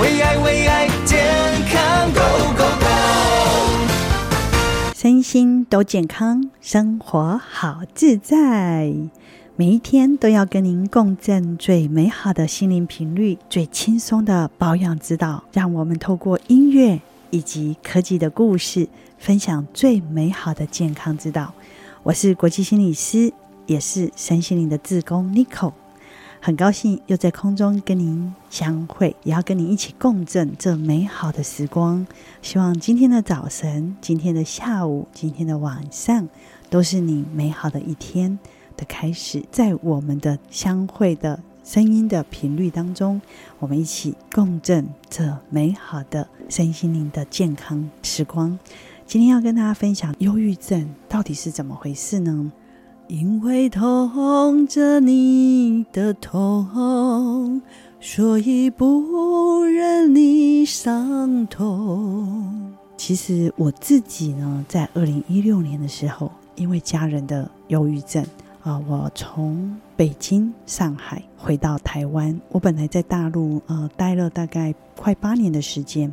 為愛，為愛，健康，Go Go Go！身心都健康，生活好自在。每一天都要跟您共振最美好的心靈頻率，最輕鬆的保養指導。讓我們透過音樂以及科技的故事，分享最美好的健康指導。我是國際心理師，也是身心靈的志工 Nico 很高興又在空中跟您相會，也要跟您一起共振這美好的時光。希望今天的早晨、今天的下午、今天的晚上，都是你美好的一天的開始。在我們的相會的聲音的頻率當中，我們一起共振這美好的身心靈的健康時光。今天要跟大家分享，憂鬱症到底是怎麼回事呢？因為痛着你的痛，所以不忍你傷痛。其實我自己呢，在二零一六年的時候，因為家人的憂鬱症啊，我從北京、上海回到台灣。我本來在大陸呃待了大概快八年的時間。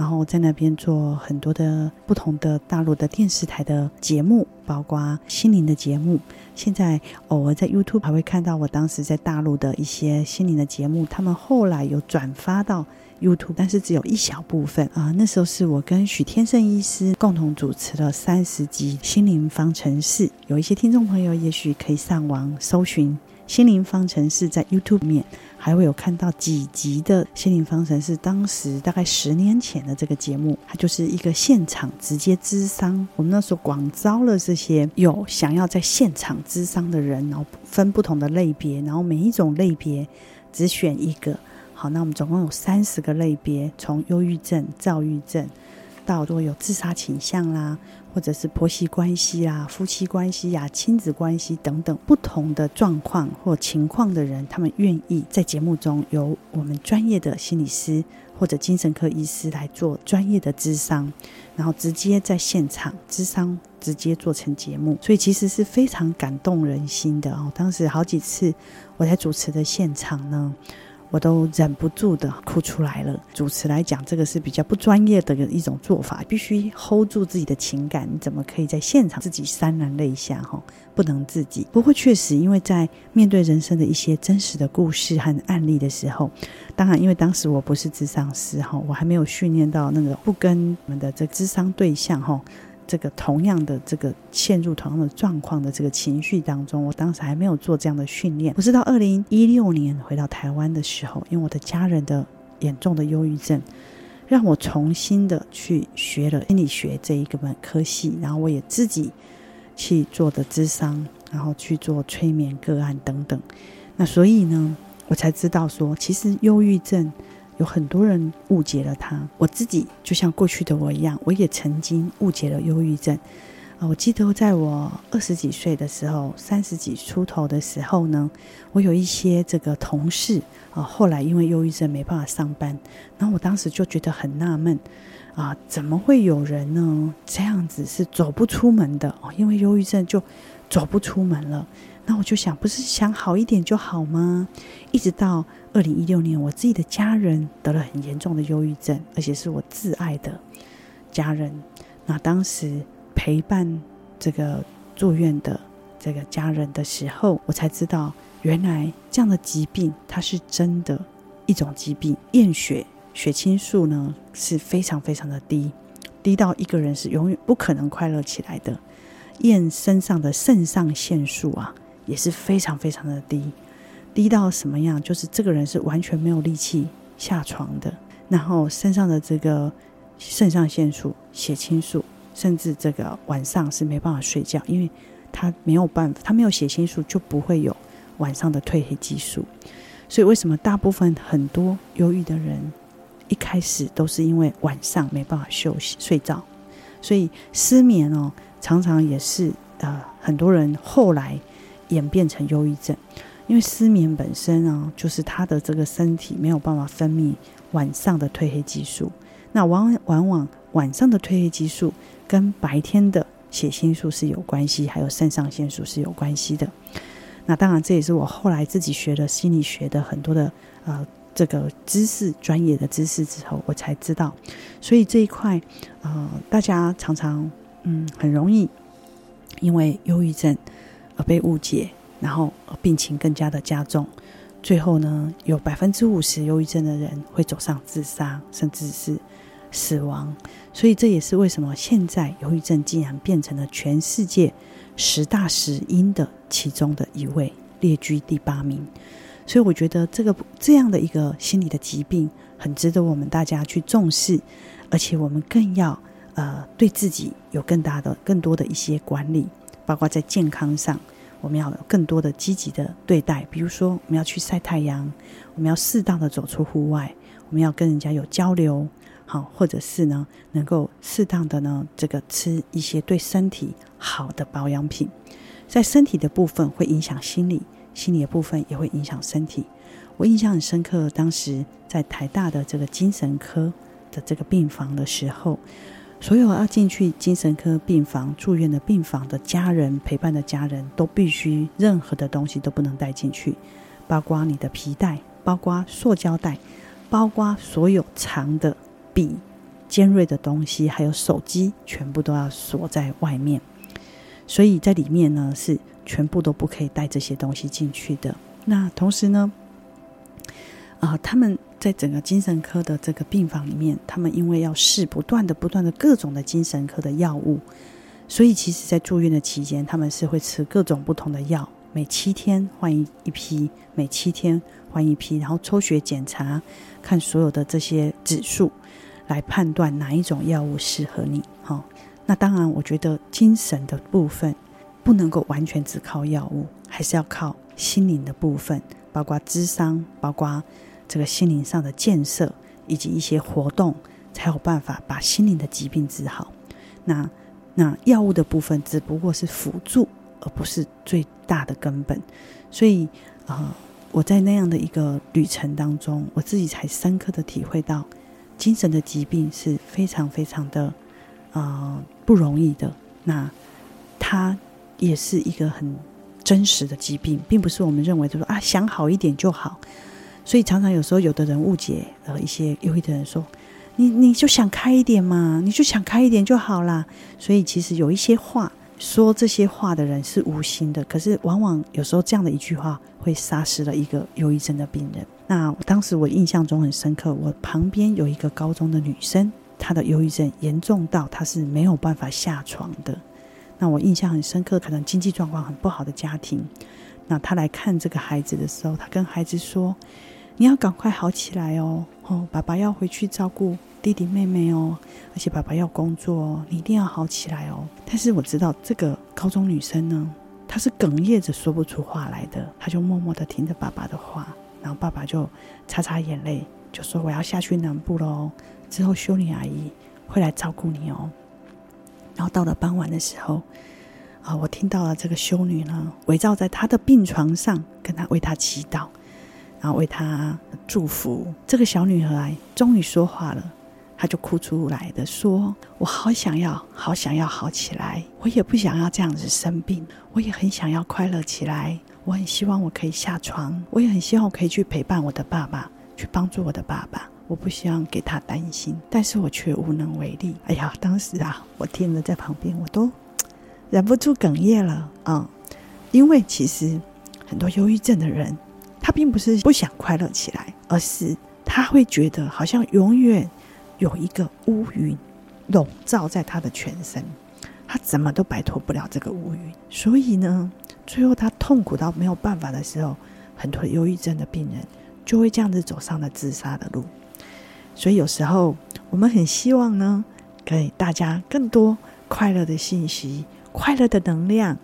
然後在那邊做很多的不同的大陸的電視台的節目，包括心靈的節目。現在偶爾在 YouTube 還會看到我當時在大陸的一些心靈的節目，他們後來有轉發到 YouTube，但是只有一小部分啊、呃。那時候是我跟許天勝醫師共同主持了三十集《心靈方程式》，有一些聽眾朋友也許可以上網搜尋。心靈方程式在 YouTube 裡面還會有看到幾集的《心靈方程式》，當時大概十年前的這個節目，它就是一個現場直接諮商。我們那時候廣招了這些有想要在現場諮商的人，然後分不同的類別，然後每一種類別只選一個。好，那我們總共有三十個類別，從憂鬱症、躁鬱症到如果有自殺傾向啦。或者是婆媳關係啊，夫妻關係呀、啊、親子關係等等不同的狀況或情況的人，他們願意在節目中由我們專業的心理師或者精神科醫師來做專業的諮商，然後直接在現場諮商，直接做成節目，所以其實是非常感動人心的哦。當時好幾次我在主持的現場呢，我都忍不住的哭出來了。主持來講，這個是比較不專業的一種做法，必須 hold 住自己的情感，你怎麼可以在現場自己潸然淚下哈？不能自己。不過確實，因為在面對人生的一些真實的故事和案例的時候，當然因為當時我不是諮商師哈，我還沒有訓練到那個不跟我們的這諮商對象哈。這個同樣的這個陷入同樣的狀況的這個情緒當中，我當時還沒有做這樣的訓練。我是到二零一六年回到台灣的時候，因為我的家人的嚴重的憂鬱症，讓我重新的去學了心理學這一個本科系，然後我也自己去做的諮商，然後去做催眠個案等等。那所以呢，我才知道說，其實憂鬱症。有很多人誤解了他，我自己就像過去的我一樣，我也曾經誤解了憂鬱症啊。我記得在我二十幾歲的時候，三十幾出頭的時候呢，我有一些這個同事啊，後來因為憂鬱症沒辦法上班，那我當時就覺得很納悶啊，怎麼會有人呢？這樣子是走不出門的哦，因為憂鬱症就走不出門了。那我就想，不是想好一點就好嗎？一直到。二零一六年，我自己的家人得了很嚴重的憂鬱症，而且是我摯愛的家人。那當時陪伴這個住院的這個家人的時候，我才知道，原來這樣的疾病它是真的，一種疾病。驗血血清素呢是非常非常的低，低到一個人是永遠不可能快樂起來的。驗身上的腎上腺素啊也是非常非常的低。低到什麼樣？就是這個人是完全沒有力氣下床的，然後身上的這個腎上腺素、血清素，甚至這個晚上是沒辦法睡覺，因為他沒有辦法，他沒有血清素就不會有晚上的褪黑激素，所以為什麼大部分很多憂鬱的人一開始都是因為晚上沒辦法休息睡覺，所以失眠哦，常常也是呃很多人後來演變成憂鬱症。因為失眠本身啊，就是他的這個身體沒有辦法分泌晚上的褪黑激素。那往往往晚上的褪黑激素跟白天的血清素是有關係，還有腎上腺素是有關係的。那當然，這也是我後來自己學了心理學的很多的呃這個知識、專業的知識之後，我才知道。所以這一塊呃，大家常常嗯很容易因為憂鬱症而被誤解。然後病情更加的加重，最後呢，有百分之五十憂鬱症的人會走上自殺，甚至是死亡。所以這也是為什麼現在憂鬱症竟然變成了全世界十大死因的其中的一位，列居第八名。所以我覺得這個這樣的一個心理的疾病，很值得我們大家去重視，而且我們更要呃對自己有更大的、更多的一些管理，包括在健康上。我們要有更多的積極的對待，比如說我們要去曬太陽，我們要適當的走出戶外，我們要跟人家有交流，好，或者是呢，能夠適當的呢，這個吃一些對身體好的保養品，在身體的部分會影響心理，心理的部分也會影響身體。我印象很深刻，當時在台大的這個精神科的這個病房的時候。所有要進去精神科病房住院的病房的家人陪伴的家人都必須任何的東西都不能帶進去，包括你的皮帶，包括塑膠袋，包括所有長的筆、尖銳的東西，還有手機，全部都要鎖在外面。所以在裡面呢，是全部都不可以帶這些東西進去的。那同時呢，啊、呃，他們。在整個精神科的這個病房裡面，他們因為要試不斷的、不斷的各種的精神科的藥物，所以其實，在住院的期間，他們是會吃各種不同的藥，每七天換一一批，每七天換一批，然後抽血檢查，看所有的這些指數，來判斷哪一種藥物適合你。哈、哦，那當然，我覺得精神的部分不能夠完全只靠藥物，還是要靠心靈的部分，包括諮商，包括。這個心靈上的建設以及一些活動，才有辦法把心靈的疾病治好那。那那藥物的部分只不過是輔助，而不是最大的根本。所以，呃，我在那樣的一個旅程當中，我自己才深刻的體會到，精神的疾病是非常非常的呃不容易的。那它也是一個很真實的疾病，並不是我們認為就說、是、啊想好一點就好。所以常常有時候有的人誤解，呃，一些憂鬱的人說：“你你就想開一點嘛，你就想開一點就好了。”所以其實有一些話說這些話的人是無心的，可是往往有時候這樣的一句話會殺死了一個憂鬱症的病人。那當時我印象中很深刻，我旁邊有一個高中的女生，她的憂鬱症嚴重到她是沒有辦法下床的。那我印象很深刻，可能經濟狀況很不好的家庭。那她來看這個孩子的時候，她跟孩子說。你要趕快好起來哦！哦，爸爸要回去照顧弟弟妹妹哦，而且爸爸要工作哦，你一定要好起來哦。但是我知道這個高中女生呢，她是哽咽着說不出話來的，她就默默的聽着爸爸的話，然後爸爸就擦擦眼淚，就說我要下去南部嘍，之後修女阿姨會來照顧你哦。然後到了傍晚的時候，啊、呃，我聽到了這個修女呢，圍繞在她的病床上，跟她為她祈禱。然後為她祝福，這個小女孩終於說話了，她就哭出來的說：“我好想要，好想要好起來，我也不想要這樣子生病，我也很想要快樂起來，我很希望我可以下床，我也很希望我可以去陪伴我的爸爸，去幫助我的爸爸，我不希望給他擔心，但是我卻無能為力。”哎呀，當時啊，我聽了在旁邊，我都忍不住哽咽了啊、嗯，因為其實很多憂鬱症的人。他並不是不想快樂起來，而是他會覺得好像永遠有一個烏雲籠罩在他的全身，他怎麼都擺脫不了這個烏雲。所以呢，最後他痛苦到沒有辦法的時候，很多憂鬱症的病人就會這樣子走上了自殺的路。所以有時候我們很希望呢，給大家更多快樂的信息、快樂的能量、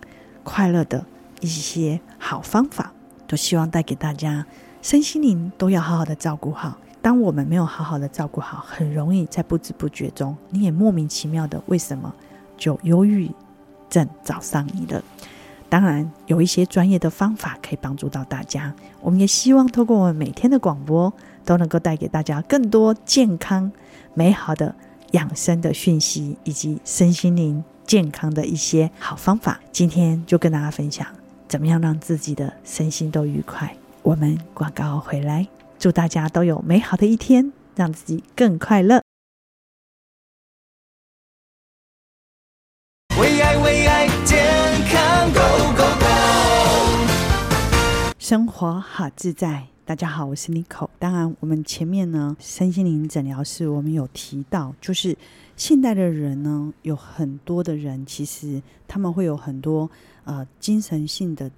快樂的一些好方法。都希望帶給大家，身心靈都要好好的照顧好。當我們沒有好好的照顧好，很容易在不知不覺中，你也莫名其妙的為什麼就憂鬱症找上你了？當然，有一些專業的方法可以幫助到大家。我們也希望透過我們每天的廣播，都能夠帶給大家更多健康、美好的養生的訊息，以及身心靈健康的一些好方法。今天就跟大家分享。怎麼樣讓自己的身心都愉快？我們廣告回來，祝大家都有美好的一天，讓自己更快樂。為愛為愛健康，Go Go Go！生活好自在。大家好，我是 Nico。當然，我們前面呢，身心靈診療室，我們有提到，就是現代的人呢，有很多的人，其實他們會有很多呃精神性的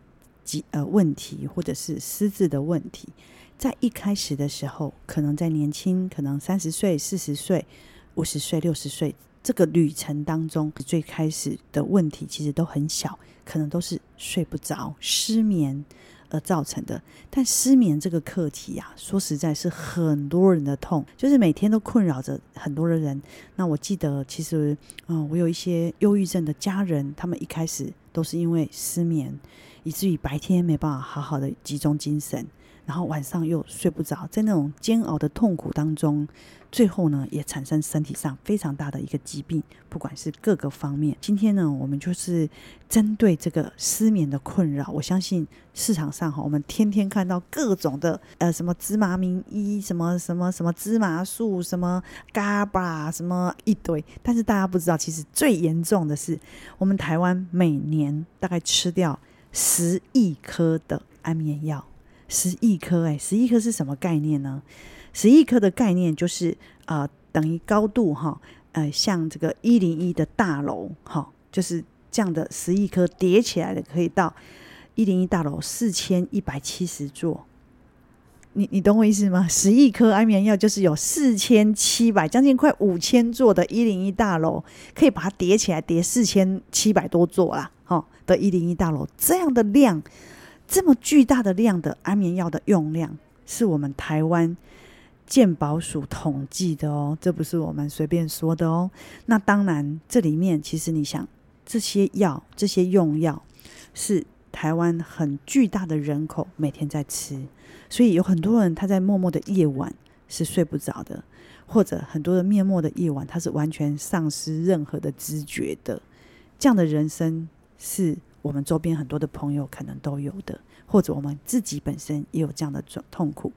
疾呃問題，或者是私自的問題。在一開始的時候，可能在年輕，可能三十歲、四十歲、五十歲、六十歲這個旅程當中，最開始的問題其實都很小，可能都是睡不着、失眠。而造成的，但失眠這個課題啊，說實在是很多人的痛，就是每天都困擾着很多的人。那我記得，其實，嗯，我有一些憂鬱症的家人，他們一開始都是因為失眠，以至於白天沒辦法好好的集中精神。然後晚上又睡不着，在那種煎熬的痛苦當中，最後呢也產生身體上非常大的一個疾病，不管是各個方面。今天呢，我們就是針對這個失眠的困擾。我相信市場上哈，我們天天看到各種的呃，什麼芝麻明 E，什麼什麼什麼，什麼芝麻素，什麼嘎巴，什麼一堆。但是大家不知道，其實最嚴重的是，我們台灣每年大概吃掉十億顆的安眠藥。十億顆哎，十億顆是什麼概念呢？十億顆的概念就是啊、呃，等於高度哈，呃，像這個一零一的大樓哈、哦，就是這樣的十億顆疊起來的，可以到一零一大樓四千一百七十座。你你懂我意思嗎？十億顆安眠藥就是有四千七百，將近快五千座的一零一大樓，可以把它疊起來，疊四千七百多座啦。哈、哦，的一零一大樓這樣的量。這麼巨大的量的安眠藥的用量，是我們台灣健保署統計的哦，這不是我們隨便說的哦。那當然，這裡面其實你想，這些藥、這些用藥，是台灣很巨大的人口每天在吃，所以有很多人他在默默的夜晚是睡不着的，或者很多的面目的夜晚，他是完全喪失任何的知覺的，這樣的人生是。我們周邊很多的朋友可能都有的，或者我們自己本身也有這樣的痛痛苦。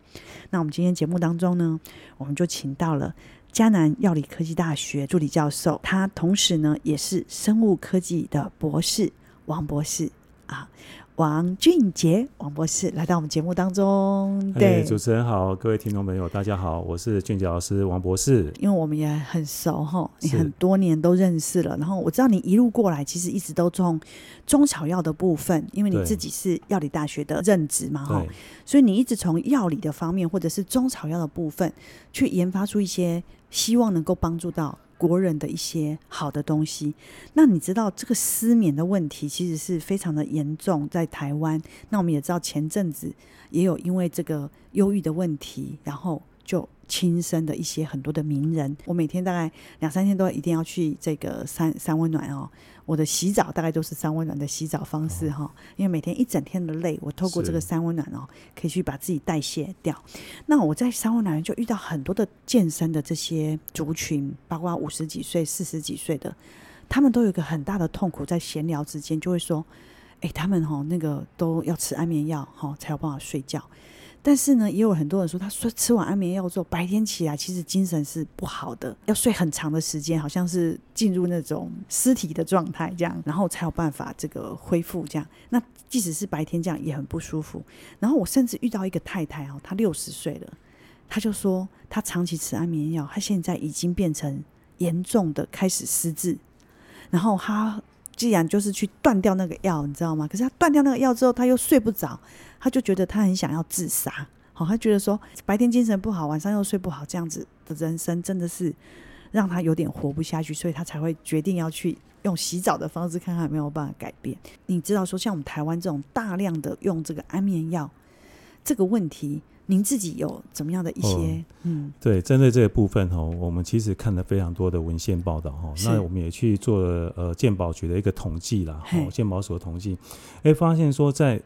那我們今天節目當中呢，我們就請到了嘉南藥理科技大學助理教授，他同時呢也是生物科技的博士，王博士啊。王俊傑，王博士來到我們節目當中。對、欸，主持人好，各位聽眾朋友，大家好，我是俊傑老師，王博士。因為我們也很熟哈，你很多年都認識了。是然後我知道你一路過來，其實一直都從中草藥的部分，因為你自己是藥理大學的任職嘛哈，對所以你一直從藥理的方面，或者是中草藥的部分，去研發出一些希望能夠幫助到。國人的一些好的東西，那你知道這個失眠的問題其實是非常的嚴重，在台灣。那我們也知道前陣子也有因為這個憂鬱的問題，然後就輕生的一些很多的名人。我每天大概兩三天都一定要去這個三三溫暖哦。我的洗澡大概都是三溫暖的洗澡方式哈，哦、因為每天一整天的累，我透過這個三溫暖哦、喔，可以去把自己代謝掉。是那我在三溫暖就遇到很多的健身的這些族群，包括五十幾歲、四十幾歲的，他們都有一個很大的痛苦，在閒聊之間就會說，哎、欸，他們哈、喔、那個都要吃安眠藥哈、喔，才有辦法睡覺。但是呢，也有很多人說，他說吃完安眠藥之後，白天起來其實精神是不好的，要睡很長的時間，好像是進入那種屍體的狀態這樣，然後才有辦法這個恢復這樣。那即使是白天這樣，也很不舒服。然後我甚至遇到一個太太哦，她六十歲了，她就說她長期吃安眠藥，她現在已經變成嚴重的開始失智，然後她。既然，就是去斷掉那個藥，你知道嗎？可是他斷掉那個藥之後，他又睡不着，他就覺得他很想要自殺。好、哦，他覺得說白天精神不好，晚上又睡不好，這樣子的人生真的是讓他有點活不下去，所以他才會決定要去用洗澡的方式看看有沒有辦法改變。你知道說，像我們台灣這種大量的用這個安眠藥。這個問題，您自己有怎麼樣的一些？嗯、哦，對，針對這個部分哦，我們其實看了非常多的文獻報道哈、哦，是那我們也去做了呃健保局的一個統計啦，哈嘿，健保所統計，哎，發現說在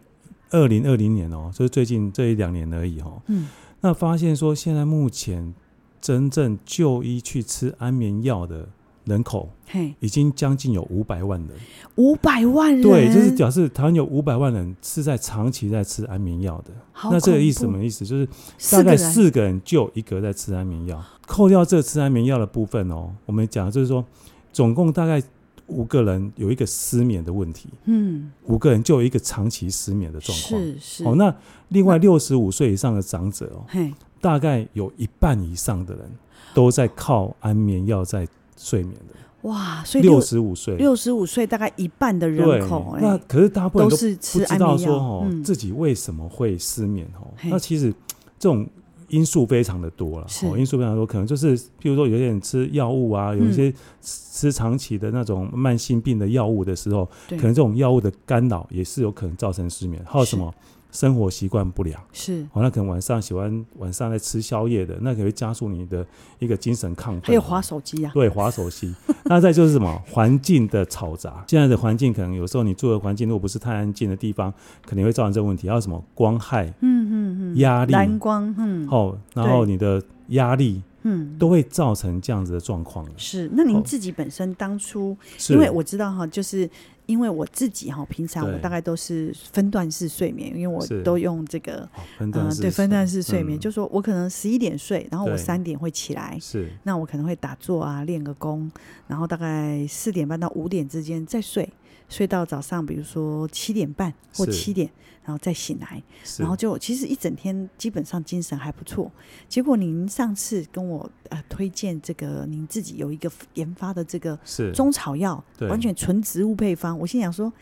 二零二零年哦，就是最近這一兩年而已哈、哦，嗯，那發現說現在目前真正就醫去吃安眠藥的。人口，嘿，已經將近有五百萬人，五百萬人，對，就是假設台灣有五百萬人是在長期在吃安眠藥的。那這個意思什麼意思？就是大概四個人就一個在吃安眠藥，扣掉這個吃安眠藥的部分哦。我們講就是說，總共大概五個人有一個失眠的問題，嗯，五個人就有一個長期失眠的狀況。是是。哦，那另外六十五歲以上的長者哦，嘿那，大概有一半以上的人都在靠安眠藥在。睡眠的哇，所以六,六十五歲六十五歲大概一半的人口，對欸、那可是大部分都是不知道說哦、嗯、自己為什麼會失眠哦。嗯、那其實這種因素非常的多了是、哦，因素非常多，可能就是比如說有些人吃藥物啊，嗯、有一些吃長期的那種慢性病的藥物的時候，對 可能這種藥物的干擾也是有可能造成失眠。是 還有什麼？生活習慣不良是、哦，那可能晚上喜歡晚上在吃宵夜的，那可能會加速你的一個精神亢奮，還有滑手機啊，對，滑手機。 那再就是什麼環境的嘈雜，現在的環境可能有時候你住的環境如果不是太安靜的地方，肯定會造成這個問題。還有什麼光害，嗯嗯嗯，壓、嗯嗯、力，藍光，嗯，好、哦，然後你的壓力，嗯，都會造成這樣子的狀況、嗯哦。是，那您自己本身當初，是因為我知道哈，就是。因為我自己哈，平常，我大概都是分段式睡眠，對因為我都用這個，嗯是，呃、對，分段式睡眠，嗯，就說我可能十一點睡，然後我三點會起來，對那我可能會打坐啊，練個功，然後大概四點半到五點之間再睡。睡到早上，比如說七點半或七點，是然後再醒來，是然後就其實一整天基本上精神還不錯。結果您上次跟我呃推薦這個，您自己有一個研發的這個中草藥，完全純植物配方。我心想說，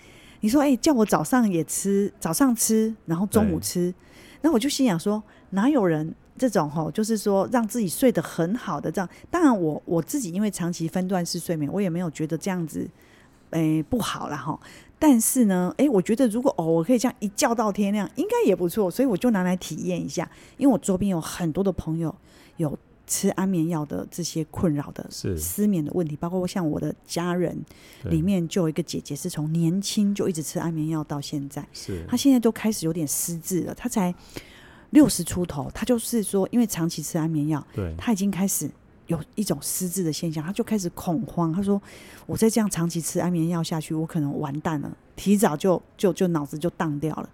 你說欸，叫我早上也吃，早上吃，然後中午吃，對那我就心想說，哪有人這種吼？就是說讓自己睡得很好的這樣。當然我我自己因為長期分段式睡眠，我也沒有覺得這樣子。哎、欸，不好了哈！但是呢，哎、欸，我覺得如果哦，我可以這樣一覺到天亮，應該也不錯，所以我就拿來體驗一下。因為我周邊有很多的朋友有吃安眠藥的這些困擾的，失是眠的問題，包括像我的家人對裡面就有一個姐姐，是從年輕就一直吃安眠藥到現在，是她現在都開始有點失智了，她才六十出頭，她就是說因為長期吃安眠藥，對，她已經開始。有一種失智的現象，他就開始恐慌。他說：“我再這樣長期吃安眠藥下去，我可能完蛋了，提早就就就腦子就宕掉了。”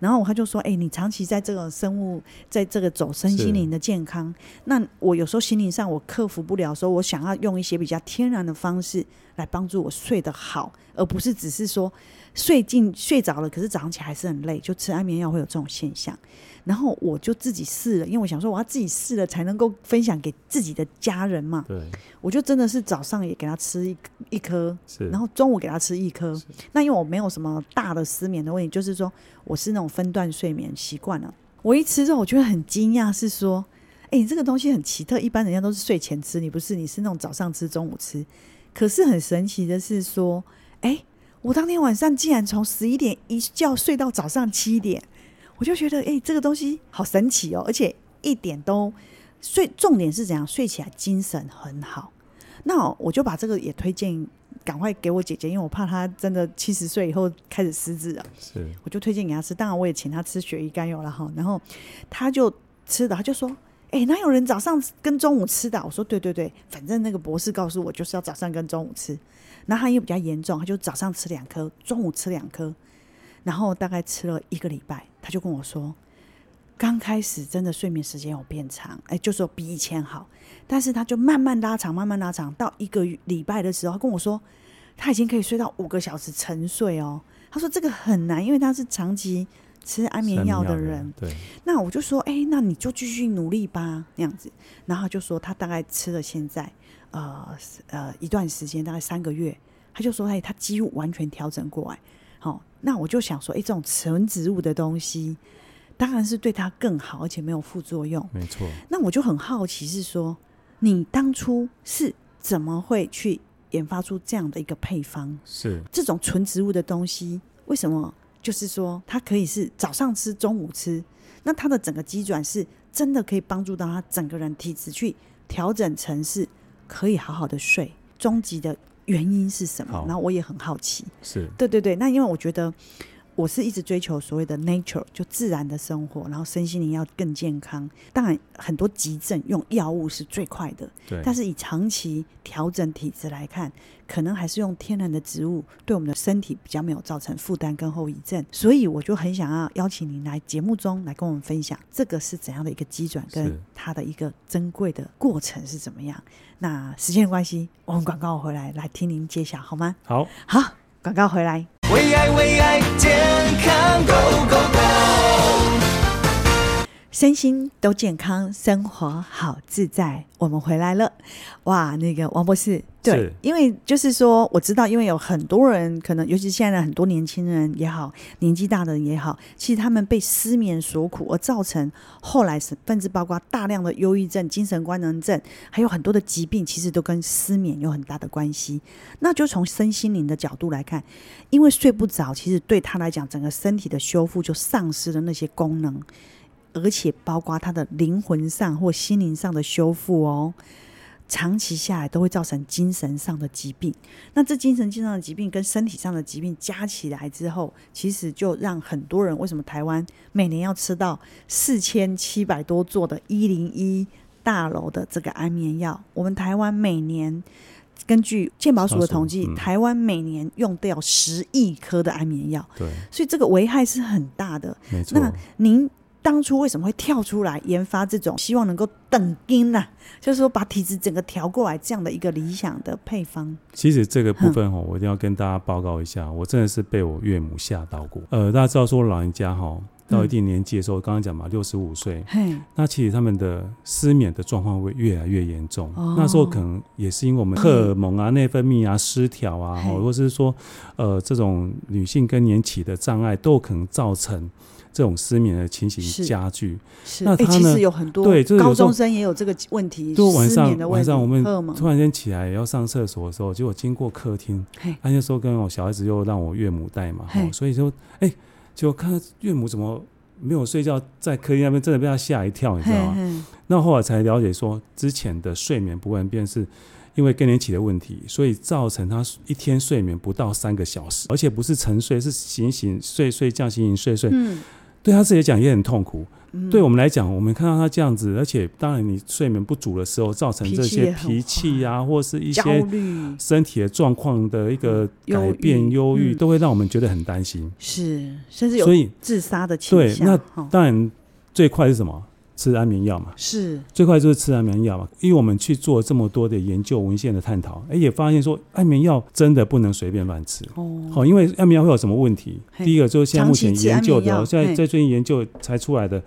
然後我他就說：“哎、欸，你長期在這個生物在這個走身心靈的健康，是那我有時候心靈上我克服不了，所以我想要用一些比較天然的方式來幫助我睡得好，而不是只是說睡進睡着了，可是早上起來還是很累，就吃安眠藥會有這種現象。”然後我就自己試了，因為我想說我要自己試了才能夠分享給自己的家人嘛。對，我就真的是早上也給他吃一一顆，是然後中午給他吃一顆。是那因為我沒有什麼大的失眠的問題，就是說我是那種分段睡眠習慣了。我一吃之後，我覺得很驚訝，是說，哎，你這個東西很奇特，一般人家都是睡前吃，你不是，你是那種早上吃、中午吃。可是很神奇的是說，哎，我當天晚上竟然從十一點一覺睡到早上七點。我就覺得，哎、欸，這個東西好神奇哦，而且一點都睡，重點是怎樣？睡起來精神很好。那好，我就把這個也推薦，趕快給我姐姐，因為我怕她真的七十歲以後開始失智了。是，我就推薦給她吃。當然，我也請她吃鱈魚肝油了哈。然後她就吃的，她就說：“哎、欸，哪有人早上跟中午吃的？”我說：“對對對，反正那個博士告訴我就是要早上跟中午吃。”那她又比較嚴重，她就早上吃兩顆，中午吃兩顆，然後大概吃了一個禮拜。他就跟我說，剛開始真的睡眠時間有變長，哎、欸，就說比以前好，但是他就慢慢拉長，慢慢拉長，到一個禮拜的時候，他跟我說他已經可以睡到五個小時沉睡哦。他說這個很難，因為他是長期吃安眠藥的人。對，那我就說，哎、欸，那你就繼續努力吧，那樣子。然後就說他大概吃了現在，呃呃一段時間，大概三個月，他就說，哎，他幾乎完全調整過來，好。那我就想說，欸，這種純植物的東西，當然是對它更好，而且沒有副作用。沒錯。那我就很好奇，是說你當初是怎麼會去研發出這樣的一個配方？是這種純植物的東西，為什麼就是說它可以是早上吃、中午吃，那它的整個機轉是真的可以幫助到他整個人體質去調整，成是可以好好的睡，終極的。原因是什麼？Oh. 然後我也很好奇，是，對對對。那因為我覺得。我是一直追求所謂的 nature，就自然的生活，然後身心靈要更健康。當然，很多急症用藥物是最快的，對但是以長期調整體質來看，可能還是用天然的植物對我們的身體比較沒有造成負擔跟後遺症。所以，我就很想要邀請您來節目中來跟我們分享這個是怎樣的一個機轉，跟它的一個珍貴的過程是怎麼樣。是那時間關係，我們廣告回來是來聽您揭曉好嗎？好好，廣告回來。為愛，為愛，健康，Go go go！身心都健康，生活好自在。我們回來了，哇！那個王博士，對，是因為就是說，我知道，因為有很多人，可能尤其現在很多年輕人也好，年紀大的人也好，其實他們被失眠所苦，而造成後來是甚至包括大量的憂鬱症、精神官能症，還有很多的疾病，其實都跟失眠有很大的關係。那就從身心靈的角度來看，因為睡不着，其實對他來講，整個身體的修復就喪失了那些功能。而且包括他的靈魂上或心靈上的修復哦，長期下來都會造成精神上的疾病。那這精神上的疾病跟身體上的疾病加起來之後，其實就讓很多人為什麼台灣每年要吃到四千七百多座的一零一大樓的這個安眠藥？我們台灣每年根據健保署的統計，嗯、台灣每年用掉十億顆的安眠藥，對，所以這個危害是很大的。沒錯，那您。當初為什麼會跳出來研發這種希望能夠斷根吶，就是說把體質整個調過來這樣的一個理想的配方。其實這個部分哈，我一定要跟大家報告一下，我真的是被我岳母嚇到過。呃，大家知道說老人家哈到一定年紀的時候，剛剛講嘛，六十五歲，嘿 那其實他們的失眠的狀況會越來越嚴重。哦、那時候可能也是因為我們荷爾蒙啊、內、嗯、分泌啊失調啊，或者是說呃這種女性更年期的障礙都有可能造成。這種失眠的情形加劇，欸、那他呢？對，高中生也有這個問題，是晚上我們突然間起來要上廁所的時候，結果經過客廳，嘿他就說跟我小孩子又讓我岳母帶嘛，嘿、哦，所以說，哎、欸，結果看到岳母怎麼沒有睡覺，在客廳那邊真的被他嚇一跳，你知道嗎？嘿嘿，那後來才了解說，之前的睡眠不穩便是，因為更年期的問題，所以造成他一天睡眠不到三個小時，而且不是沉睡，是醒醒睡睡、覺醒醒睡睡。嗯對他自己講也很痛苦。嗯，對我們來講，我們看到他這樣子，而且當然你睡眠不足的時候，造成這些脾氣啊，或是一些身體的狀況的一個改變憂鬱、憂鬱，都會讓我們覺得很擔心。嗯，是甚至有所以自殺的傾向。對，那當然最快是什麼？吃安眠藥嘛，是最快就是吃安眠藥嘛，因為我們去做這麼多的研究文獻的探討、欸，也發現說安眠藥真的不能隨便亂吃哦，因為安眠藥會有什麼問題？嘿第一個就是現在目前研究的，期期現在在最近研究才出來的，嘿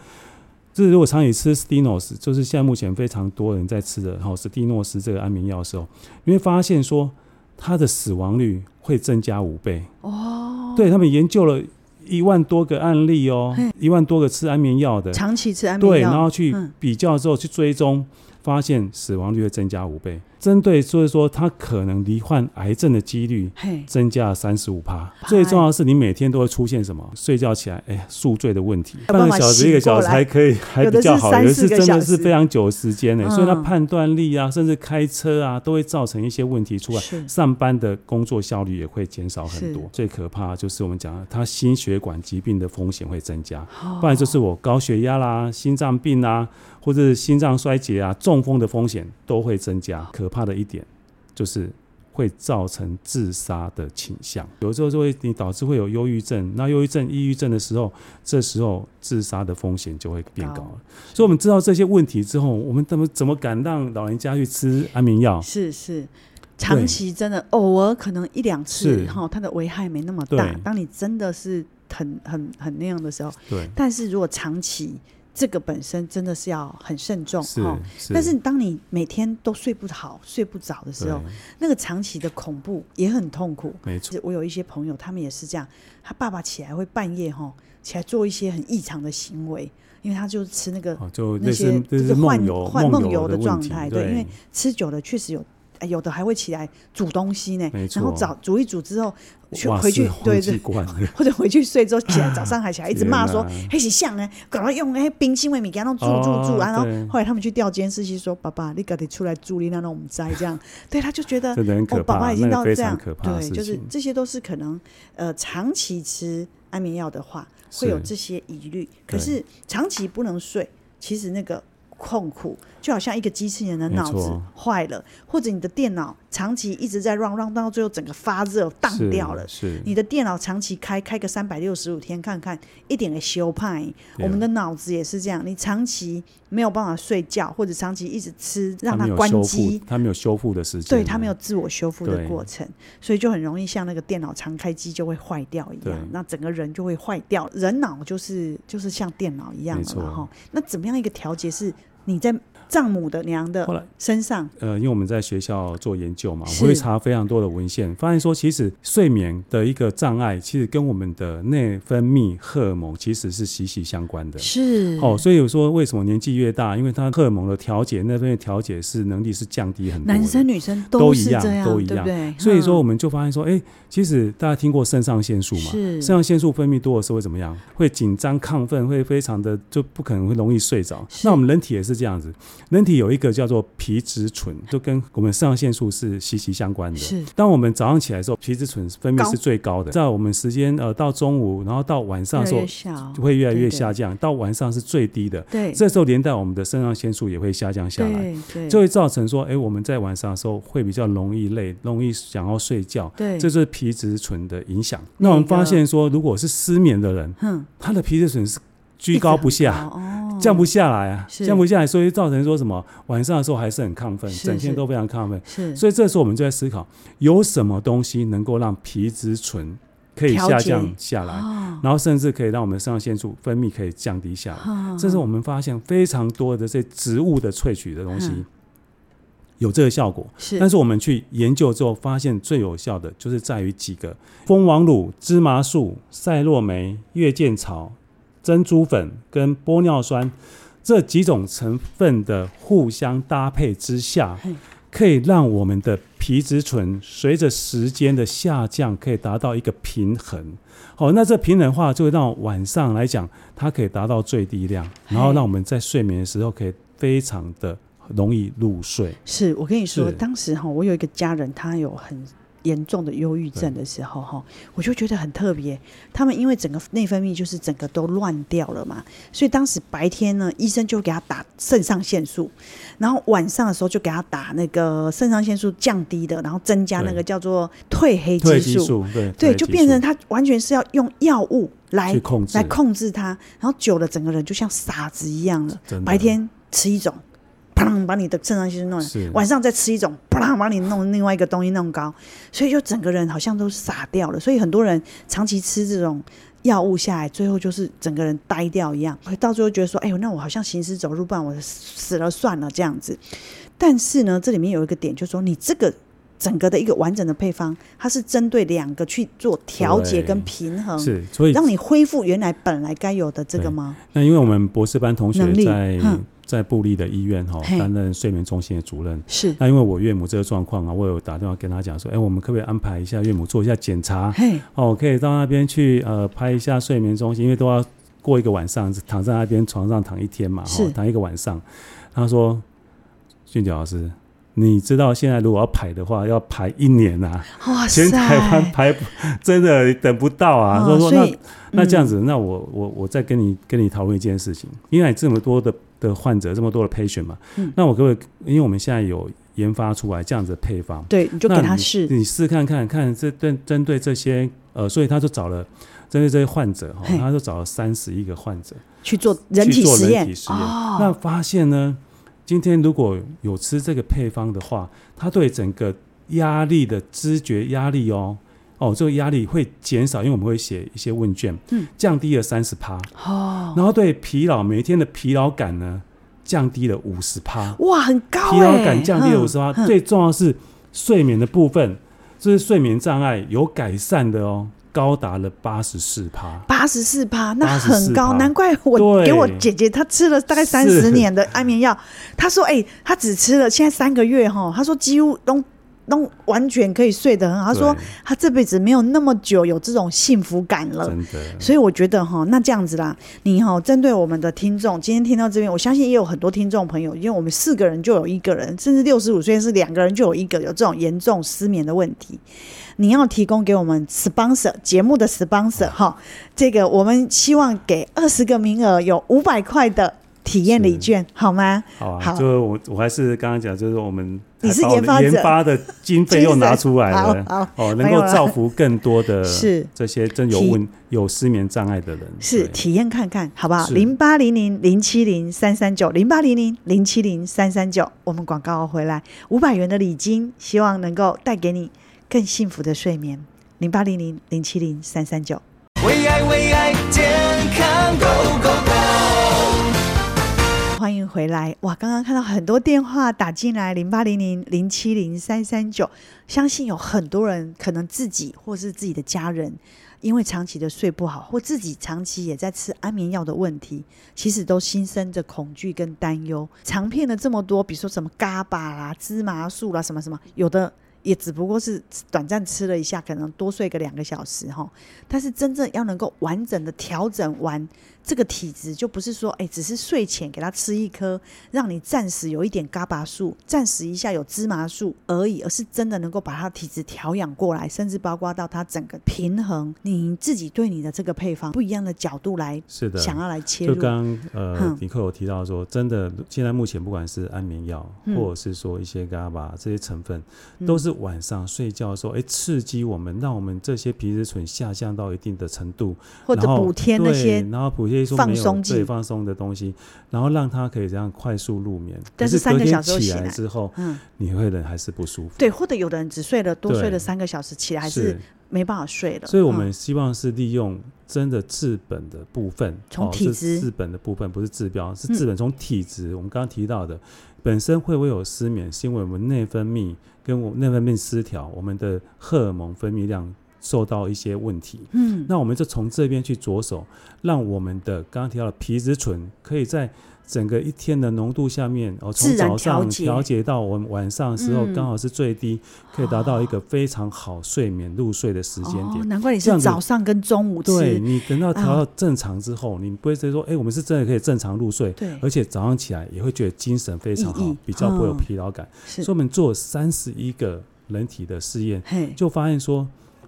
就是如果長期吃史蒂諾斯，就是現在目前非常多人在吃的，然後史蒂諾斯這個安眠藥的時候，因為發現說它的死亡率會增加五倍哦，對他們研究了。一萬多個案例哦，嘿一萬多個吃安眠藥的，長期吃安眠藥，對，然後去比較之後去追蹤，嗯，發現死亡率會增加五倍。針對所以說，他可能罹患癌症的幾率增加了三十五趴。最重要的是，你每天都會出現什麼？睡覺起來，哎，宿醉的問題，半個小時、一個小時還可以，還比較好。有的是真的是非常久的時間呢，嗯、所以他判斷力啊，甚至開車啊，都會造成一些問題出來。是上班的工作效率也會減少很多。是最可怕就是我們講，他心血管疾病的風險會增加，哦、不然就是我高血壓啦、心臟病啊，或者心臟衰竭啊、中風的風險都會增加，可、哦。怕的一點就是會造成自殺的傾向，有時候就會你導致會有憂鬱症，那憂鬱症、抑鬱症的時候，這時候自殺的風險就會變高了。好所以我們知道這些問題之後，我們怎麼怎麼敢讓老人家去吃安眠藥？是是，長期真的對偶爾可能一兩次後是它的危害沒那麼大。對當你真的是很很很那樣的時候，對，但是如果長期。這個本身真的是要很慎重哈、哦，但是當你每天都睡不好，睡不着的時候，對那個長期的恐怖也很痛苦。沒錯，我有一些朋友，他們也是這樣。他爸爸起來會半夜哈起來做一些很異常的行為，因為他就吃那個、哦、就那些就是換換，夢遊的狀態，對，對，因為吃久了確實有。有的還會起來煮東西呢，然後早煮一煮之後去回去對，或者回去睡之後起來早上還起來一直罵說，嘿，像哎，搞到用哎冰心味米干那種煮煮煮，然後後來他們去調監視器說，爸爸你趕緊出來助力，讓讓我們摘這樣，對，他就覺得哦，爸爸已經到這樣，對，就是這些都是可能呃長期吃安眠藥的話會有這些疑慮，可是長期不能睡，其實那個。痛苦就好像一個機器人的腦子壞了，錯或者你的電腦長期一直在 run run，到最後整個發熱當是掉了。是，你的電腦長期開開個三百六十五天，看看一定會燙的對我們的腦子也是這樣，你長期。沒有辦法睡覺，或者長期一直吃，讓它關機，它沒，沒有修復的時間，對，它沒有自我修復的過程，對所以就很容易像那個電腦常開機就會壞掉一樣，對那整個人就會壞掉。人腦就是就是像電腦一樣，的錯。沒錯哈。那怎麼樣一個調節是你在？丈母的娘的身上，呃，因為我們在學校做研究嘛，我會查非常多的文獻，發現說其實睡眠的一個障礙，其實跟我們的內分泌荷爾蒙其實是息息相關的。是，哦，所以我說為什麼年紀越大，因為他荷爾蒙的調節，內分泌調節是能力是降低很多。男生女生都是這樣，都一樣，都一樣，對對對，嗯，所以說我們就發現說，哎、欸。其實大家聽過腎上腺素嗎？是。腎上腺素分泌多的時候會怎麼樣？會緊張、亢奮，會非常的就不可能會容易睡着。是。那我們人體也是這樣子，人體有一個叫做皮質醇，就跟我們腎上腺素是息息相關的。是。當我們早上起來的時候，皮質醇分泌是最高的，高。在我們時間呃到中午，然後到晚上的時候越越會越來越下降，對對，到晚上是最低的。對。這時候連帶我們的腎上腺素也會下降下來，對，對，就會造成說，哎，我們在晚上的時候會比較容易累，容易想要睡覺。對。這就是皮。皮質醇的影響，那我們發現說，如果是失眠的人，那個嗯、他的皮質醇是居高不下，哦、降不下來啊，是降不下來，所以造成說什麼晚上，的時候還是很亢奮，整天都非常亢奮。是，是所以這時候我們就在思考，有什麼東西能夠讓皮質醇可以下降整下來，哦、然後甚至可以讓我們腎上腺素分泌可以降低下來。哦、這是我們發現非常多的這些植物的萃取的東西。嗯有這個效果，是，但是我們去研究之後發現，最有效的就是在於幾個蜂王乳、芝麻素、賽洛梅、月見草、珍珠粉跟玻尿酸這幾種成分的互相搭配之下，嘿可以讓我們的皮質醇隨着時間的下降，可以達到一個平衡。好，那這平衡化就會到晚上來講，它可以達到最低量，然後讓我們在睡眠的時候可以非常的容易入睡。是我跟你說，是當時哈，我有一個家人，他有很嚴重的憂鬱症的時候哈，對我就覺得很特別。他們因為整個內分泌就是整個都亂掉了嘛，所以當時白天呢，醫生就給他打腎上腺素，然後晚上的時候就給他打那個腎上腺素降低的，然後增加那個叫做褪黑激素。對對，就變成他完全是要用藥物來控制來控制他，然後久了整個人就像傻子一樣了。的白天吃一種。把你的腎上腺素弄了，是晚上再吃一種，把你弄另外一個東西弄高，所以就整個人好像都傻掉了。所以很多人長期吃這種藥物下來，最後就是整個人呆掉一樣。到最後覺得說：“哎呦，那我好像行屍走肉，不然我死了算了這樣子。”但是呢，這裡面有一個點，就是說你這個整個的一個完整的配方，它是針對兩個去做調節跟平衡，是所以讓你恢復原來本來該有的這個嗎？那因為我們博士班同學在。在部立的醫院哈擔任睡眠中心的主任是。那因為我岳母這個狀況啊，我有打電話跟他講說，誒、欸，我們可不可以安排一下岳母做一下檢查？哦嘿、喔，可以到那邊去呃拍一下睡眠中心，因為都要過一個晚上躺在那邊床上躺一天嘛，是、喔、躺一個晚上。他說，俊杰老師，你知道現在如果要排的話，要排一年啊，全塞台灣排真的等不到啊。她、哦、說、說那那這樣子，嗯、那我我我再跟你跟你討論一件事情，因為你這麼多的。的患者，這麼多的 patient 嘛，嗯、那我各位，因為我們現在有研發出來這樣子的配方，對，你就給他試，你試看看看這針針對這些呃，所以他就找了針對這些患者,哈，嘿他就找了三十一個患者去做人體實驗，人體實驗哦，、那發現呢，今天如果有吃這個配方的話，他對整個壓力的知覺壓力哦。哦，這個壓力會減少，因為我們會寫一些問卷，嗯、降低了三十趴。哦，然後對疲勞，每天的疲勞感呢，降低了五十趴。哇，很高，欸！疲勞感降低了五十趴，嗯嗯、最重要是睡眠的部分，嗯、就是睡眠障礙有改善的哦，高達了八十四趴。八十四趴，那很高，難怪我給我姐姐，她吃了大概三十年的安眠藥，是她說：“哎、欸，她只吃了現在三個月哈，她說幾乎都。”都完全可以睡得很好。他說他這輩子沒有那麼久有這種幸福感了，所以我覺得哈，那這樣子啦，你哈針對我們的聽眾，今天聽到這邊，我相信也有很多聽眾朋友，因為我們四個人就有一個人，甚至六十五歲是兩個人就有一個有這種嚴重失眠的問題。你要提供給我們 sponsor 節目的 sponsor 哈哇，這個我們希望給二十個名額，有五百塊的。體驗禮券好嗎？好啊，好，就我我還是剛剛講，就是我們，你是研發研發的經費又拿出來了， 哦，能夠造福更多的， 是這些真有問體有失眠障礙的人，是體驗看看好不好？零八零零零七零三三九，零八零零零七零三三九，9, 9, 我們廣告回來五百元的禮金，希望能夠帶給你更幸福的睡眠。零八零零零七零三三九，為愛為愛健康 Go, go. 歡迎回來！哇，剛剛看到很多電話打進來，零八零零零七零三三九，相信有很多人可能自己或是自己的家人，因為長期的睡不好，或自己長期也在吃安眠藥的問題，其實都心生着恐懼跟擔憂。長片的這麼多，比如說什麼嘎巴啦、芝麻素啦，什麼什麼，有的也只不過是短暫吃了一下，可能多睡個兩個小時哈。但是真正要能夠完整的調整完。這個體質就不是說，哎，只是睡前給他吃一顆，讓你暫時有一點嘎巴素，暫時一下有芝麻素而已，而是真的能夠把他體質調養過來，甚至包括到它整個平衡。你自己對你的這個配方不一樣的角度來，是的，想要來切入。就剛剛，呃，Nico 有提到說，嗯、真的現在目前不管是安眠藥，或者是說一些嘎巴這些成分，嗯、都是晚上睡覺的時候，哎，刺激我們，讓我們這些皮質醇下降到一定的程度，或者補添那些然，然後補。放鬆劑、對放鬆的東西，然後讓他可以這樣快速入眠。但是三個小時起來之後，嗯，你會人還是不舒服？對，或者有的人只睡了多睡了三個小時，對起來還是沒辦法睡的。是嗯、所以我們希望是利用真的治本的部分，從體質、哦、是治本的部分，不是治標，是治本。從體質，嗯、我們剛剛提到的，本身會不會有失眠，是因為我們內分泌跟我內分泌失調，我們的荷爾蒙分泌量。受到一些問題，嗯，那我們就從這邊去着手，讓我們的剛剛提到的皮質醇可以在整個一天的濃度下面，哦，從早上調節到我們晚上的時候剛好是最低，可以達到一個非常好睡眠入睡的時間點。難怪你是早上跟中午對，你等到調到正常之後，你不會覺得說，哎，我們是真的可以正常入睡，對，而且早上起來也會覺得精神非常好，比較不會有疲勞感。所以我們做三十一個人體的試驗，就發現說。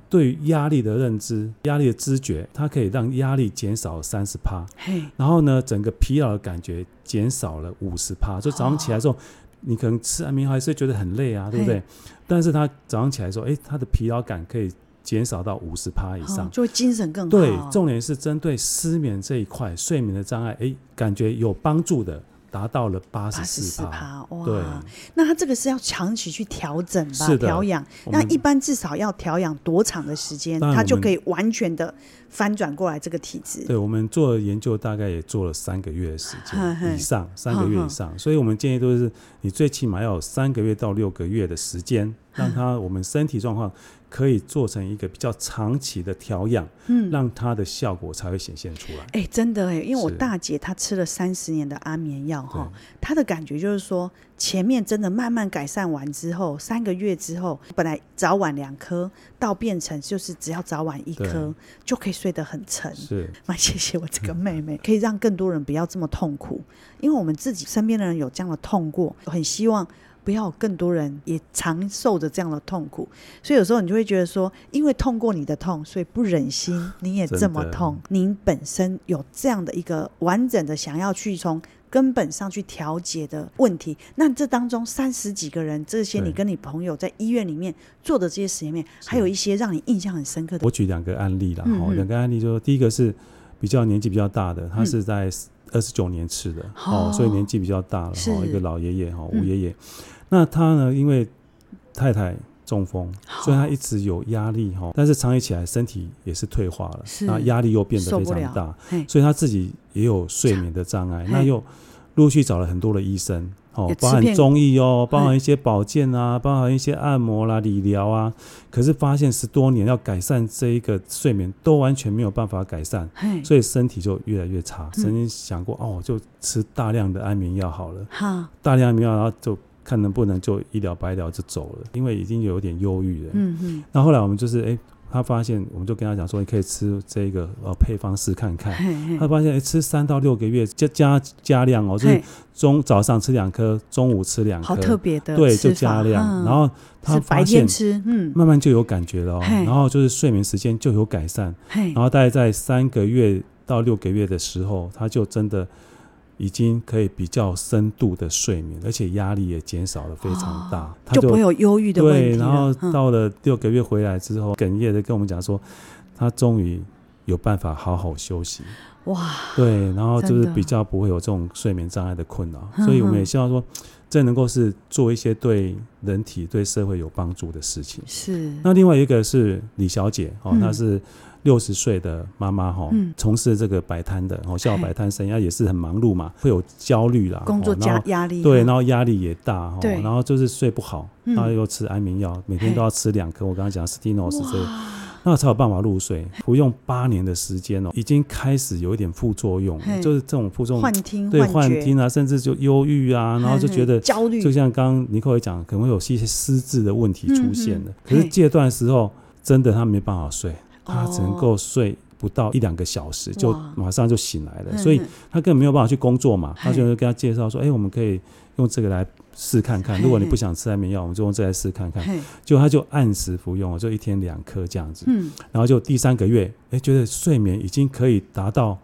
對於壓力的認知、壓力的知覺，它可以讓壓力減少三十帕。嘿然後呢，整個疲勞的感覺減少了五十帕。就早上起來之後，哦、你可能吃安眠藥還是覺得很累啊，對不對？嘿但是他早上起來說，哎，他的疲勞感可以減少到五十帕以上、哦，就精神更好。對，重點是針對失眠這一塊，睡眠的障礙，哎，感覺有幫助的。達到了八十四趴哇！對 那他這個是要長期去調整吧？調養。那一般至少要調養多長的時間，他就可以完全的翻轉過來這個體質？對，我們做研究大概也做了三個月的時間以上，三個月以上。所以我們建議都是你最起碼要有三個月到六個月的時間，讓他我們身體狀況。可以做成一個比較長期的調養，嗯，讓它的效果才會顯現出來。哎、欸，真的哎、欸，因為我大姐她吃了三十年的安眠藥哈，她的感覺就是說，前面真的慢慢改善完之後，三個月之後，本來早晚兩顆，到變成就是只要早晚一顆對就可以睡得很沉。是，蠻謝謝我這個妹妹， 可以讓更多人不要這麼痛苦，因為我們自己身邊的人有這樣的痛過，很希望。不要更多人也承受着這樣的痛苦，所以有時候你就會覺得說，因為痛過你的痛，所以不忍心你也這麼痛。您本身有這樣的一個完整的想要去從根本上去調節的問題，那這當中三十幾個人，這些你跟你朋友在醫院裡面做的這些實驗面，還有一些讓你印象很深刻的？我舉兩個案例了哈，嗯、兩個案例就是第一個是比較年紀比較大的，他是在二十九年次的、嗯、哦，所以年紀比較大了哈，哦、是一個老爺爺哈，吳爺爺。嗯嗯那他呢，因為太太中風，啊、所以他一直有壓力哈。但是長期起來，身體也是退化了，那壓是力又變得非常大，所以他自己也有睡眠的障礙。嘿那又陸續找了很多的醫生，哦、包含中醫哦，包含一些保健啊，嘿包含一些按摩啦、啊啊、理療啊。可是發現十多年要改善這一個睡眠，都完全沒有辦法改善，嘿所以身體就越來越差。曾經、嗯、想過哦，就吃大量的安眠藥好了，好大量安眠藥，然後就。看能不能就一了百了就走了，因為已經有點憂鬱了。嗯嗯哼。那後，後來我們就是，哎、欸，他發現，我們就跟他講說，你可以吃這個呃配方試看看。嘿嘿他發現，哎、欸，吃三到六個月，加加加量哦，就是中嘿早上吃兩顆，中午吃兩顆。好特別的。對，就加量。嗯、然後他發現嗯，慢慢就有感覺了、哦。嘿然後就是睡眠時間就有改善。嘿然後大概在三個月到六個月的時候，他就真的。已經可以比較深度的睡眠，而且壓力也減少了非常大，哦、他就，就不會有憂鬱的問題了。對，然後到了六個月回來之後，哽咽的跟我們講說，他終於有辦法好好休息。哇，對，然後就是比較不會有這種睡眠障礙的困擾，所以我們也希望說，這能夠是做一些對人體、對社會有幫助的事情。是。那另外一個是李小姐，哦，那、嗯、是。六十歲的媽媽哈，從事這個擺攤的，然後擺攤生涯也是很忙碌嘛，會有焦慮啦，工作壓力，對，然後壓力也大哈，然後就是睡不好，然後又吃安眠藥，每天都要吃兩顆。我剛剛講，Stilnox 這個，那才有辦法入睡。服用八年的時間哦，已經開始有一點副作用，就是這種副作用，幻聽，對，幻聽啊，甚至就憂鬱啊，然後就覺得焦慮，就像剛剛尼克會講，可能會有一些失智的問題出現了。可是戒斷的時候，真的他沒辦法睡。他只能夠睡不到一兩個小時，就馬上就醒來了，嗯嗯、所以他根本沒有辦法去工作嘛。他就跟他介紹說：“哎嘿、欸，我們可以用這個來試看看，嘿如果你不想吃安眠藥，我們就用這個來試看看。嘿”就他就按時服用，就一天兩顆這樣子。嗯、然後就第三個月，哎、欸，覺得睡眠已經可以達到。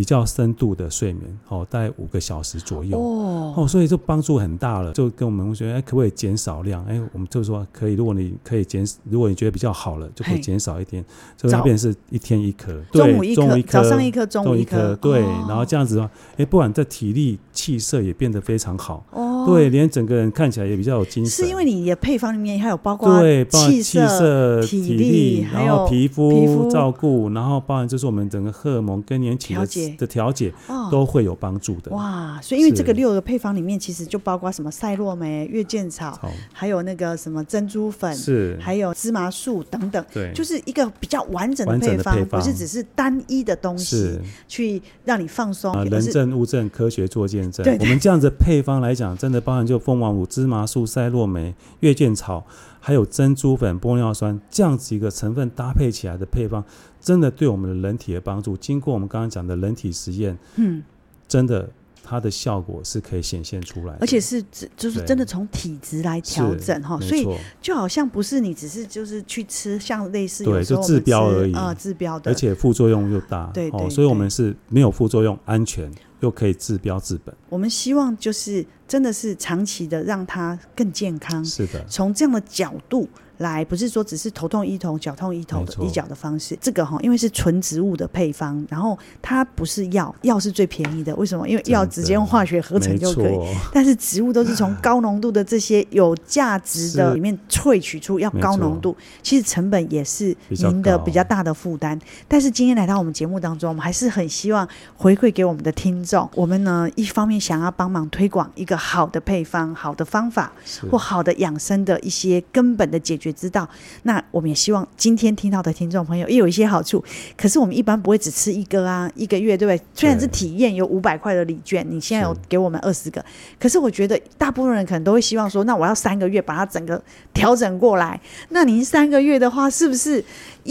比較深度的睡眠，哦，大概五個小時左右，oh. 哦，所以就幫助很大了。就跟我們同學，哎、欸，可不可以減少量？哎、欸，我們就說可以。如果你可以減，如果你覺得比較好了，就可以減少一點。就變嘿是一天一顆，中午一顆，早上一顆，中午一顆，對。哦、然後這樣子的話，哎、欸，不管在體力、氣色也變得非常好。哦。對，連整個人看起來也比較有精神，是因為你的配方裡面還有包括對氣色、體力，還有皮膚皮膚照顧，然後包含就是我們整個荷爾蒙跟年期的調節的調節都會有幫助的。哇！所以因為這個六個配方裡面，其實就包括什麼賽洛梅、月見草，還有那個什麼珍珠粉，是還有芝麻素等等，對，就是一個比較完整的配方，不是只是單一的東西去讓你放鬆。人證物證，科學做見證。我們這樣子配方來講，真的。包含就蜂王乳、芝麻素、賽洛梅、月見草，還有珍珠粉、玻尿酸這樣子一個成分搭配起來的配方，真的對我們的人體的幫助，經過我們剛剛講的人體實驗，嗯，真的。它的效果是可以顯現出來的，而且是指就是真的從體質來調整哈，所以就好像不是你只是就是去吃像類似對，就治標而已啊、呃，治標的，而且副作用又大，啊、對對、對、哦，所以我們是沒有副作用，對安全又可以治標治本。我們希望就是真的是長期的讓它更健康，是的，從這樣的角度。來，不是說只是頭痛醫頭、腳痛醫頭的、醫腳錯的方式。這個哈，因為是純植物的配方，然後它不是藥，藥是最便宜的。為什麼？因為藥直接用化學合成就可以。但是植物都是從高濃度的這些有價值的裡面萃取出，是要高濃度，錯其實成本也是您的比較大的負擔。但是今天來到我們節目當中，我們還是很希望回饋給我們的聽眾。我們呢，一方面想要幫忙推廣一個好的配方、好的方法是或好的養生的一些根本的解決。知道，那我們也希望今天聽到的聽眾朋友也有一些好處。可是我們一般不會只吃一個啊，一個月對不對？雖然是體驗有五百塊的禮券，對你現在有給我們二十個，是，可是我覺得大部分人可能都會希望說，那我要三個月把它整個調整過來。那您三個月的話，是不是？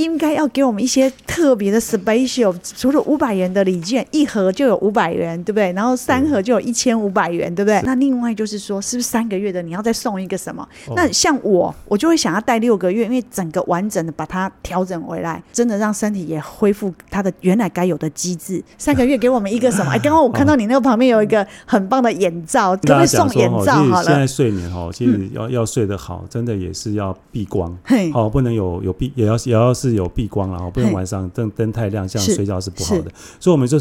應該要給我們一些特別的 special，除了五百元的禮券，一盒就有五百元，對不對？然後三盒就有一千五百元，對不對？是那另外就是說，是不是三個月的你要再送一個什麼？哦、那像我，我就會想要帶六個月，因為整個完整的把它調整回來，真的讓身體也恢復它的原來該有的機制。三個月給我們一個什麼？ 哎，剛剛我看到你那個旁邊有一個很棒的眼罩，哦、可，可以送眼罩好了，現在睡眠哈，其實要要睡得好，嗯、真的也是要避光，嘿好不能有有避，也要也要是。有避光啊，不能晚上燈燈太亮，這樣嘿睡覺是不好的，所以我們就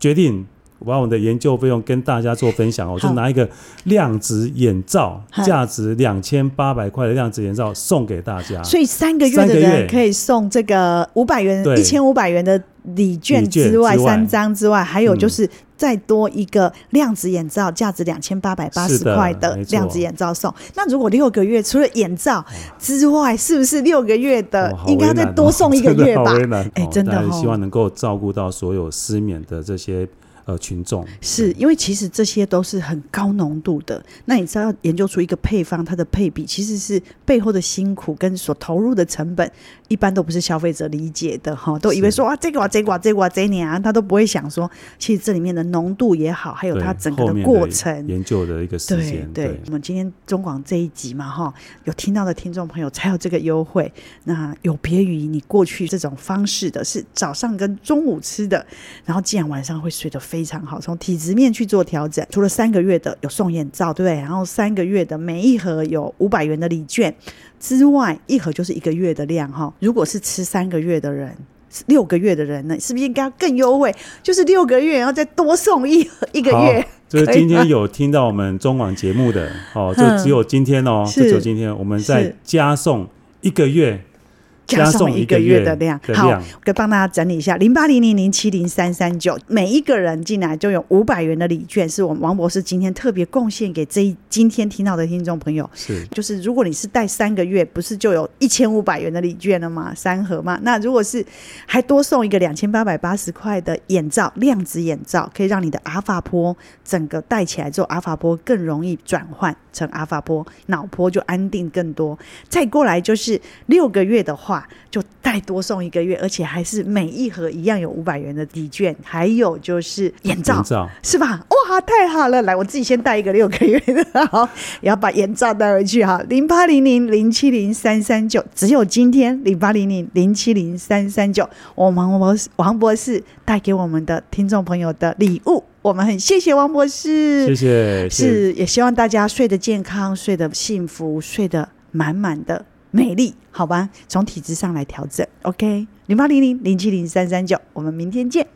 決定。我把我的研究費用跟大家做分享，我就拿一個量子眼罩，價值兩千八百塊的量子眼罩送給大家。所以三個月的人可以送這個五百元、一千五百元的禮券之外，三張之外，還有就是再多一個量子眼罩，價值兩千八百八十塊的量子眼罩送。那如果六個月除了眼罩之外，是不是六個月的應該要再多送一個月吧？哎，真的，希望能夠照顧到所有失眠的這些。呃，群眾是因為其實這些都是很高濃度的，那你知道要研究出一個配方，它的配比其實是背後的辛苦跟所投入的成本。一般都不是消費者理解的哈，都以為說是啊這個啊這個啊這個啊這個啊，他都不會想說，其實這裡面的濃度也好，還有它整個的過程的研究的一個時間。對，我們對今天中廣這一集嘛哈，有聽到的聽眾朋友才有這個優惠。那有別於你過去這種方式的，是早上跟中午吃的，然後既然晚上會睡得非常好，從體質面去做調整。除了三個月的有送眼罩，對不對？然後三個月的每一盒有五百元的禮券。之外，一盒就是一個月的量哈。如果是吃三個月的人，六個月的人，呢？是不是應該更優惠？就是六個月然後再多送一盒一個月。就是今天有聽到我們中網節目的 哦，就只有今天哦，嗯、就只有今天，是我們再加送一個月。是加送一個月的量，好，我幫大家整理一下：零八零零零七零三三九，每一個人進來就有五百元的禮券，是我們王博士今天特別貢獻給這一今天聽到的聽眾朋友。是，就是如果你是帶三個月，不是就有一千五百元的禮券了嗎？三盒嗎？那如果是還多送一個兩千八百八十塊的眼罩，量子眼罩可以讓你的阿法波整個帶起來之後，阿法波更容易轉換成阿法波，腦波就安定更多。再過來就是六個月的話。就再多送一個月，而且還是每一盒一樣有五百元的抵券，還有就是眼罩，眼罩是吧？哇，太好了！來，我自己先戴一個六個月的，好，也要把眼罩帶回去哈。零八零零零七零三三九，9, 只有今天零八零零零七零三三九，9, 我們王王博士帶給我們的聽眾朋友的禮物，我們很謝謝王博士，謝謝，是，是也希望大家睡得健康，睡得幸福，睡得滿滿的。美麗，好吧，從體質上來調整，OK，零八零零零七零三三九，9, 我們明天見。